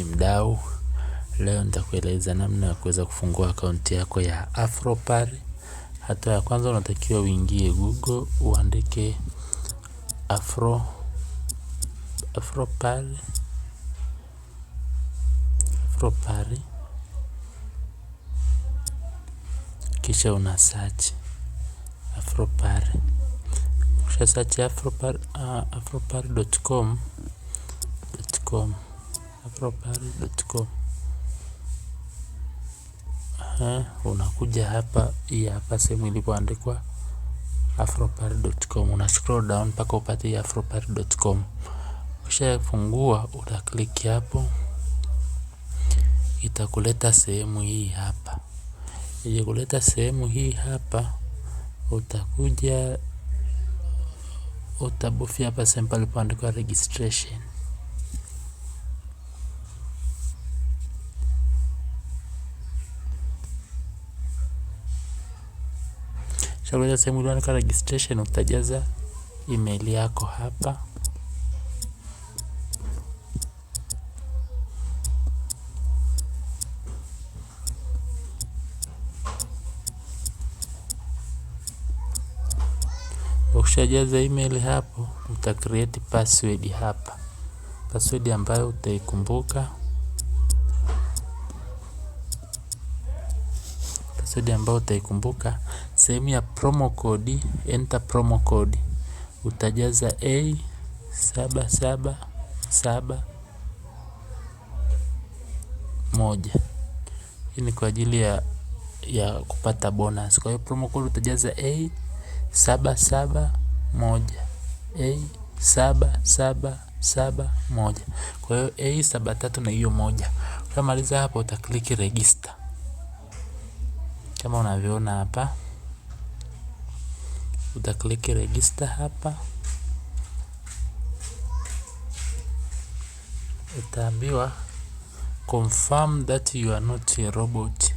ni mdau. Leo nitakueleza namna ya kuweza kufungua akaunti yako ya Afropal. Hatua ya kwanza unatakiwa uingie Google uandike Afro Afropal Afropal kisha una search Afropal. Ukisha search Afropal uh, ah, afropal.com.com afropari.com unakuja hapa hii hapa sehemu ilipoandikwa afropari.com una scroll down mpaka upate hii afropari.com ukishafungua utakliki hapo itakuleta sehemu hii hapa ikikuleta sehemu hii hapa utakuja utabofia hapa sehemu palipoandikwa registration Ushabonyeza sehemu iliyoandikwa registration, utajaza email yako hapa. Ukishajaza email hapo, uta create password hapa, password ambayo utaikumbuka. episode ambayo utaikumbuka sehemu ya promo code enter promo code utajaza A 777 saba moja hii ni kwa ajili ya ya kupata bonus kwa hiyo promo code utajaza A saba saba moja A saba saba saba moja kwa hiyo A saba tatu na hiyo moja utamaliza hapo utakliki register kama unavyoona hapa utakliki register hapa utaambiwa confirm that you are not a robot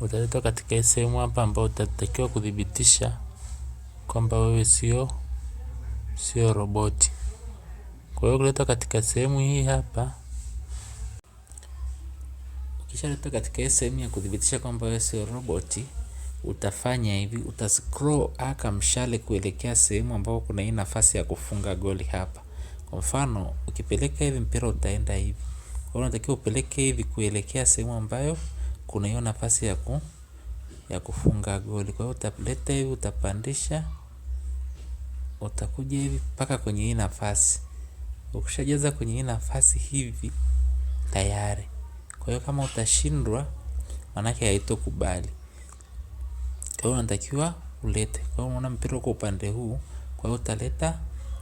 utaletwa katika sehemu hapa ambayo utatakiwa kudhibitisha kwamba wewe sio sio roboti. Kwa hiyo ukiletwa katika sehemu hii hapa kisha leta katika sehemu ya kudhibitisha kwamba wewe sio roboti, utafanya hivi, uta scroll aka mshale kuelekea sehemu ambayo kuna hii nafasi ya kufunga goli hapa. Kwa mfano, ukipeleka hivi mpira utaenda hivi. Kwa hiyo unatakiwa upeleke hivi kuelekea sehemu ambayo kuna hiyo nafasi ya ku ya kufunga goli. Kwa hiyo utaleta hivi, utapandisha, utakuja hivi mpaka kwenye hii nafasi. Ukishajaza kwenye hii nafasi hivi tayari kwa hiyo kama utashindwa manake haitokubali. Kwa hiyo unatakiwa ulete. Kwa hiyo unaona mpira uko upande huu. Kwa hiyo utaleta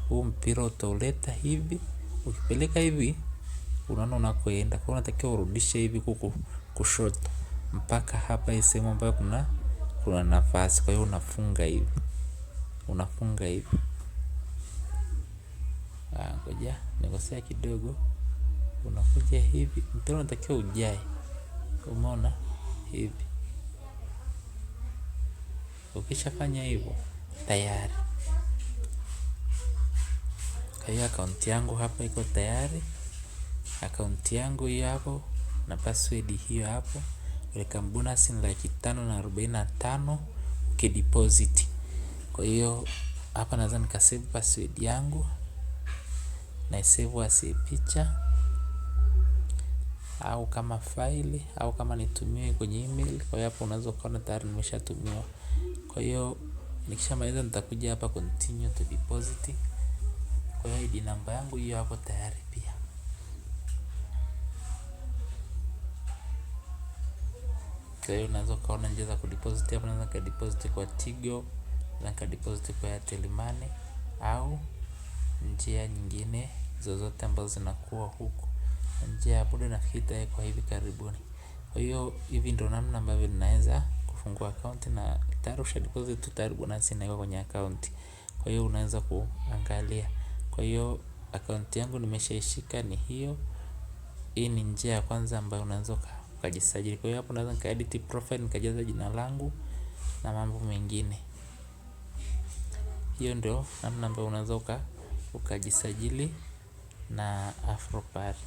huu mpira utauleta hivi. Ukipeleka hivi unaona unakoenda. Kwa hiyo unatakiwa urudishe hivi huku kushoto mpaka hapa hii sehemu ambayo kuna kuna nafasi. Kwa hiyo unafunga hivi. Unafunga hivi. Ah, ngoja nikosea kidogo unakuja hivi, mpira unatakiwa ujae, umeona hivi. Ukishafanya hivyo tayari, kwa hiyo akaunti yangu hapa iko tayari. Akaunti yangu hiyo hapo na password hiyo hapo. Welcome bonus ni laki tano na arobaini na tano ukideposit. Kwa hiyo hapa naweza nikasave password yangu na save as a picha au kama faili au kama nitumie kwenye email kwa hiyo hapo unaweza ukaona tayari nimeshatumiwa kwa hiyo nikishamaliza nitakuja hapa continue to deposit kwa hiyo id namba yangu hiyo hapo tayari pia kwa hiyo unaweza ukaona njia za kudeposit hapo naweza nikadeposit kwa Tigo na nikadeposit kwa Airtel Money au njia nyingine zozote ambazo zinakuwa huko kwa njia ya na nafikiri kwa hivi karibuni. Kwa hiyo hivi ndio namna ambavyo ninaweza kufungua akaunti na tarusha deposit tu na sina inaekwa kwenye akaunti. Kwa hiyo unaweza kuangalia. Kwa hiyo akaunti yangu nimeshaishika ni hiyo. Hii ni njia ya kwanza ambayo unaeza ukajisajili. Kwa hiyo hapo naeza nikaedit profile nikajaza jina langu na mambo mengine. Hiyo ndio namna ambayo unaeza ukajisajili na Afropari.